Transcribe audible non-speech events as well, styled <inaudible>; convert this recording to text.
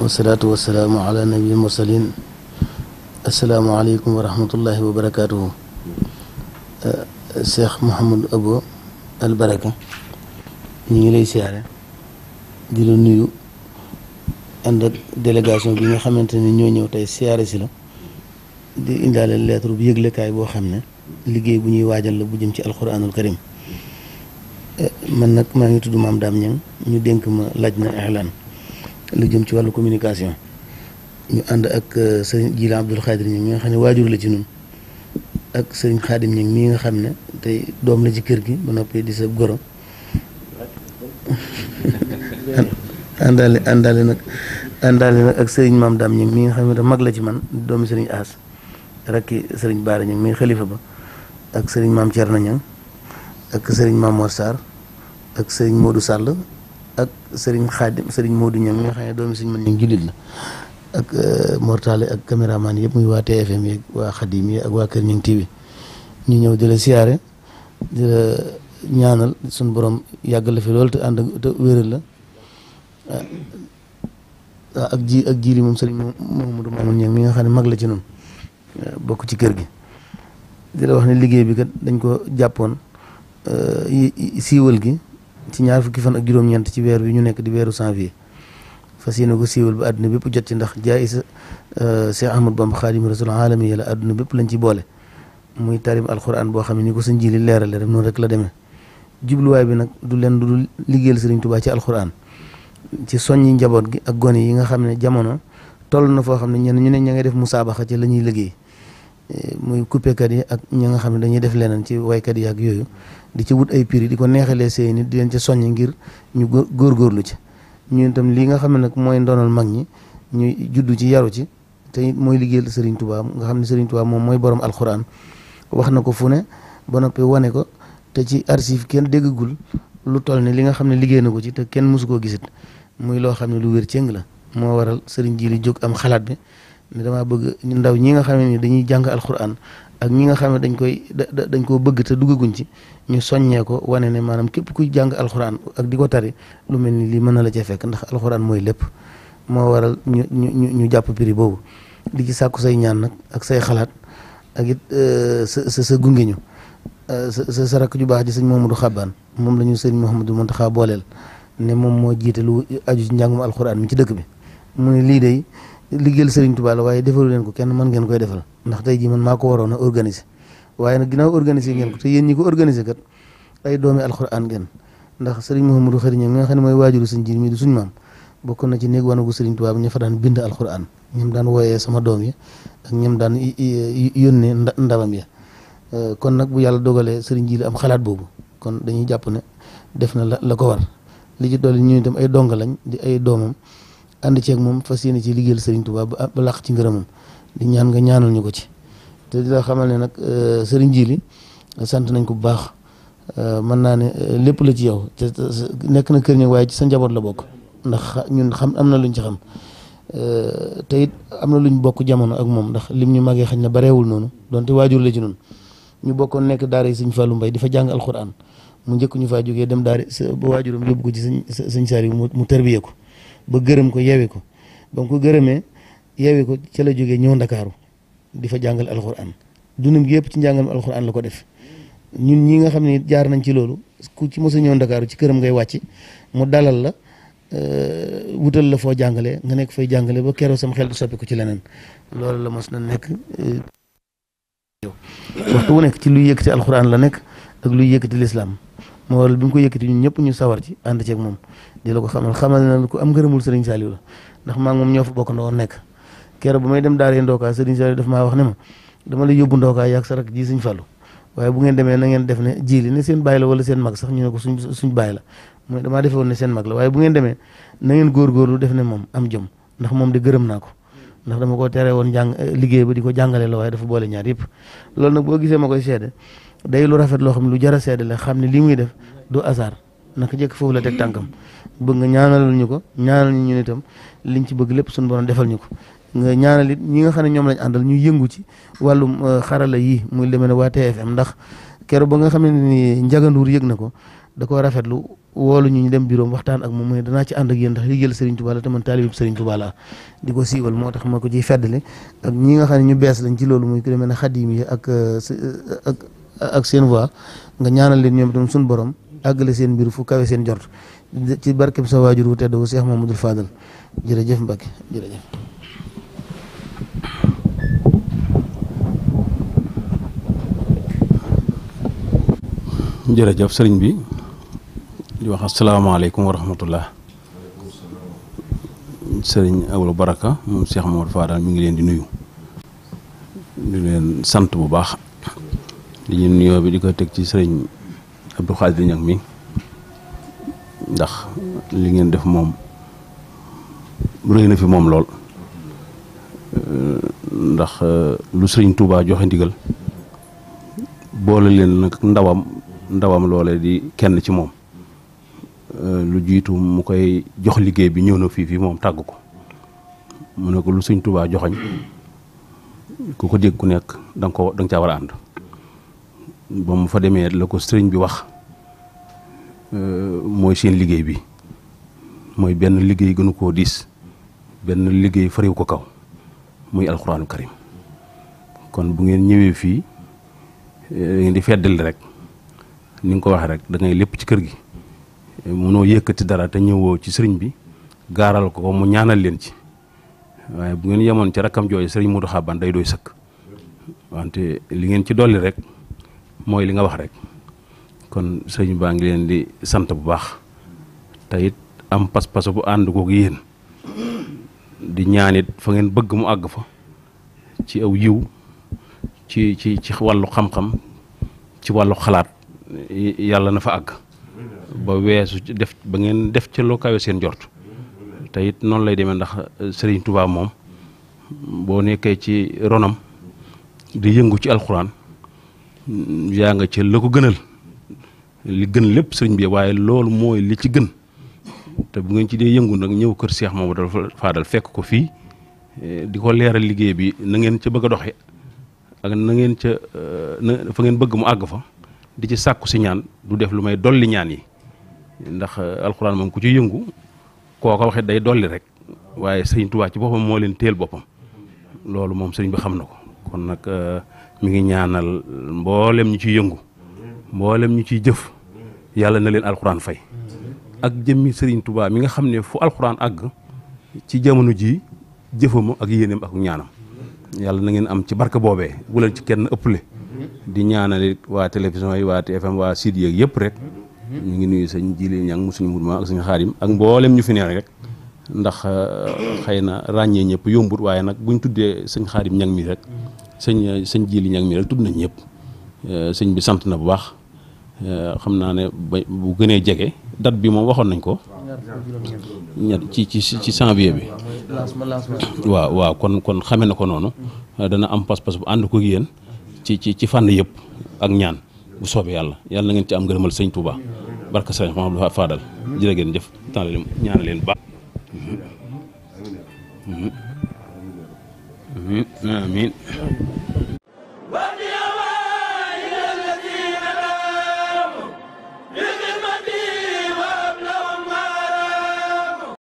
والصلاة والسلام على نبي المرسلين السلام عليكم ورحمة الله وبركاته الشيخ محمد أبو البركة نيلي سيارة دلو نيو عند دلقاسون بني خمنتني نيو نيو تاي سيارة di indaale lettre bu yëglekaay boo xam ne liggéey bu ñuy waajal la bu jëm ci alxuraanul karim eh, man nag maa ngi tudd maam Dame Niang ñu dénk ma laaj na ihlan lu jëm ci wàllu communication ñu ànd ak eh, sëriñ Jila Abdul Xaadir ñi nga xam ne waajur la ci ñun ak sëriñ ñi mii nga xam ne tey doom la ci kër gi ba noppi di sa goro <laughs> àndaale àndaale nag àndaale nag ak sëriñ maam Dame ñi mii nga xam ne mag la ci man doomi sëriñ Aas rakki sëriñ Baara Ñaŋ mi xalifa ba ak sëriñ maam Thierno Ñaŋ ak sëriñ maam Mor ak sëriñ moodu sàll ak sëriñ Xaadim sëriñ moodu Ñaŋ mi nga xam ne doomi sëriñ man ñaŋ jullit la ak euh, mortale ak caméraman yëpp muy waa TFM yeeg waa Xadim yi ak waa Kër Ñaŋ TV ñu ñëw di siyaare di ñaanal suñ borom yàgg la fi loolu te ànd te wéral la ah, ak ji ak jiiri moom sëriñ Mouhamadou Mamoun Ñaŋ mi nga xam ne mag la ci noonu Euh, bokk ci kër gi di wax ne liggéey bi kat dañ ko jàppoon euh, siiwal gi ci ñaar fukki fan ak juróom-ñeent ci weer bi ñu nekk di weeru janvier fas yéene ko siiwal bi adduna bépp jot ci ndax jaay sa euh, Cheikh Ahmad Bamba Xaadimu Rasul alami yàlla àdduna bépp lañ ci boole muy tarim alquran boo xam ne ni ko sa njili leerale rek noonu rek la deme jubluwaay bi nag du leen du liggéeyal Sëriñ Tuubaa ci alquran ci soññi njaboot gi ak gone yi nga xam ne jamono toll na foo xam ne ñenn ñu ne ña ngay def musaabaxa ci la ñuy liggéey eh, muy coupékat yi ak ñi nga xam ne dañuy def leneen ci waykat yi ak yooyu di ci wut ay prix di ko neexalee seen nit di leen ci soññ ngir ñu góorgóorlu ci ñu itam lii nga xam ne nag mooy ndonal mag ñi ñu juddu ci yaru ci te mooy liggéey liggéeyal sëriñ tubaab nga xam ne Serigne Touba moom mooy borom alxuraan wax na ko fu ne ba noppi wane ko te ci archive kenn déggagul lu toll ne li nga xam ne liggéey na ko ci te kenn mosu koo gisit muy loo xam ne lu wér cëng la moo waral sëriñ ji li jóg am xalaat bi ne damaa bëgg ñu ndaw ñi nga xam ne dañuy jàng alxuraan ak ñi nga xam ne dañ koy dañ koo bëgg te duggaguñ ci ñu soññee wane ne maanaam képp kuy jàng alxuraan ak di ko tari lu mel ni lii mën na la ca fekk ndax alxuraan mooy lépp moo waral ñu ñu ñu jàpp prix boobu di ci sàkku say ñaan nag ak say xalaat ak it euh, sa sa gungeeñu gunge ñu euh, sa sa rakk ju baax ji sëñ du Xabaan moom la ñu sëñ Mouhamadou Mountakha booleel ne moom moo jiite lu aju ci njàngum alxuraan mi ci dëkk bi. mu ne lii day liggéeyal Serigne Touba la waaye defaru leen ko kenn mën ngeen koy defal ndax tey jii man maa ko waroon a organiser waaye nag ginnaaw organiser ngeen ko te yéen ñi ko organiser kat ay doomi alxuraan ngeen ndax Serigne Mouhamadou Khary Niang mi nga xam ne mooy waajuru sëñ jiir mi du suñ maam bokkoon na ci néeg wanagu Serigne Touba ña fa daan bind alxuraan ñoom daan wooyee sama doom yi ak ñoom daan yónnee ndabam ya euh, kon nag bu yàlla dogalee Serigne jii la am xalaat boobu kon dañuy jàpp ne def na la la ko war li ci dolli ñuy itam ay dong lañ di ay doomam ànd ceeg moom fas yéene ci liggéeyal Serigne Touba ba làq ci ngërëmam di ñaan nga ñaanal ko ci te di xamal ne nag euh, Serigne Djily sant nañ ko bu baax euh, mën naa ne euh, lépp la ci yow te na kër ñi waaye ci sa njaboot la bokk ndax ñun xam am na luñ ci xam te it am na luñ bokk jamono ak moom ndax lim ñu màggee xañ na barewul noonu donte waajur la ci noonu ñu bokkoon nekk daara yi Serigne Fallou mbay di fa jàng alxuraan mu njëkk ñu faa jugee dem daara sa waajuram yóbbu ko ci sëñ sëñ saar yi mu tërbiye ko ba gërëm ko yewi ko ba ko gërëmee yewi ko ca la jógee ñëw ndakaaru di fa jàngal alxuraan dundam gi yëpp ci njàngalem alxuraan la ko def ñun ñi nga xam ne jaar nañ ci loolu ku ci mos a ñëw ndakaaru ci këram ngay wàcc mu dalal la euh, wutal la foo jàngalee nga nekk fay jàngale ba keroo sam xel du soppi ci leneen loolu la mos na nekk euh, waxtu wu nekk ci luy yëkkati alxuraan la nekk ak luy yëkkati lislaam moo waral bi mu ko yëkkati ñun ñëpp ñu sawar ci ànd ceeg moom di la ko xamal xamal na ko am ngërëmul Serigne Saliou la ndax maa moom ñoo fa bokk nekk keroog may dem daaree Ndoka Serigne maa wax ne ma la yóbbu Ndoka yàgg sa rak bu ngeen demee na ngeen def ne ji li ne seen bàyyi la wala seen mag sax ñu ne ko suñ suñ la mu ne damaa defe seen mag la waaye bu ngeen demee na ngeen góorgóorlu def ne moom am jom ndax moom de gërëm naa ko ndax dama ko tere woon jàng liggéey ba di ko jàngale la waaye dafa boole ñaar yëpp loolu nag boo gisee ma ko koy seede day lu rafet loo xam lu jar a seede la xam ne lii muy def du hasard naka jëkk foofu la teg tànkam bëgg nga ñaanalal ñu ko ñaanal ñu itam liñ ci bëgg lépp suñu borom defal ñu ko nga ñaanal it ñi nga xam ne ñoom lañ àndal ñu yëngu ci wàllum euh, xarala yii muy demee ne waa TFM ndax keroog ba nga xam ne ni njaganduur yëg na ko da koo lu woolu ñu ñu dem bureau waxtaan ak moom mu ne danaa ci ànd ak yéen ndax liggéeyal Serigne Touba la te man taalibib Serigne di ko siiwal moo tax moo ko ciy feddali ak ñi nga xam ne ñu bees lañ ci loolu muy ku demee ne xadim yi ak euh, ak ak seen voix nga ñaanal leen ñoom itam suñu borom àggale seen mbir fu kawe seen jort ci barkeb sa waajur wu tedd wu Seex Mamadul Fadal jërëjëf Mbacke jërëjëf jërëjëf sëriñ bi di wax asalaamaaleykum wa rahmatullah sëriñ Abdou Baraka moom Cheikh Mamadou mu ngi leen di nuyu di leen sant bu baax dañu nuyoo bi di ko teg ci sëriñ Abdou Khadir Niang mi ndax li ngeen def moom rëy na fi moom lool euh, ndax euh, lu sëriñ Touba joxe ndigal boole leen nag ndawam ndawam loole di kenn ci moom euh, lu jiitu mu koy jox liggéey bi ñëw na fii fii moom tàgg ko mu ne ko lu sëriñ Touba joxañ ku ko dégg ku nekk da ko da nga caa war ànd ba mu fa demee la ko sëriñ bi wax euh, mooy seen liggéey bi mooy benn liggéey gënu koo diis benn liggéey fariw ko kaw muy alxuraanu karim kon bu ngeen ñëwee fii eh, ngeen di feddali rek ni nga ko waxee rek da lépp ci kër gi noo yëkkati dara te ñëwoo ci sëriñ bi gaaral ko ko mu ñaanal leen ci waaye bu ngeen yemoon ci rakkam jooju sëriñ Modou Xaban day doy sëkk wante li ngeen ci dolli rek mooy li nga wax rek kon sëñ baa ngi leen di sant bu baax te it am pas-pas bu ànd koog yéen di ñaanit fa ngeen bëgg mu àgg fa ci aw yiw ci ci ci wàllu xam-xam ci wàllu xalaat yàlla na fa àgg ba weesu def ba ngeen def ca loo kawe seen jort te it noonu lay demee ndax eh, Serigne tubaab moom boo nekkee ci ronam di yëngu ci alxuraan. yaa nga ca la ko gënal li gën lépp sëriñ bi waaye loolu mooy li ci gën te bu ngeen ci dee yëngu nag ñëw kër Cheikh Mamadou Fadal fekk ko fii eh, di ko leeral liggéey bi na ngeen ca bëgg a doxe ak na ngeen ca eh, na fa ngeen bëgg mu àgg fa di ci sàkku si ñaan du def lu may dolli ñaan yi ndax eh, alxuraan moom ku ci yëngu koo ko waxee day dolli rek waaye sëriñ Tuubaa ci boppam moo leen teel boppam loolu moom sëriñ bi xam na ko kon nag mi ngi ñaanal mboolem ñu ciy yëngu mboolem ñu ciy jëf yàlla na leen alxuraan fay ak jëmmi sëriñ tubaab mi nga xam ne fu alxuraan àgg ci jamono ji jëfam ak yéeneem ak ñaanam yàlla na ngeen am ci barke boobee wala ci kenn ëpp le di ñaanal waa télévision yi waa TFM waa site yeeg yëpp rek ñu ngi nuyu sëñ Jili Ñang mu suñu mudma ak suñu xaarim ak mboolem ñu fi neex rek ndax xëy na ràññee ñëpp yombut waaye nag buñ tuddee sëñ xaarim ñang mi rek sëñ sëñ Jili Ñang mi rek tudd nañ ñëpp euh, sëñ bi sant na bu baax euh, xam naa ne ba bu gënee jege date bi moom waxoon nañ ko. ñett ci ci ci janvier bi. waaw waaw kon kon xame na ko noonu. Euh, dana am pas-pas bu ànd ko yéen ci ci ci fànn yëpp ak ñaan bu soobee yàlla yàlla na ngeen ci am ngërëmal sëñ Touba barka sëñ Mouhamadou Fadal jërë ngeen jëf tànn leen ñaan leen baax. amiin amiin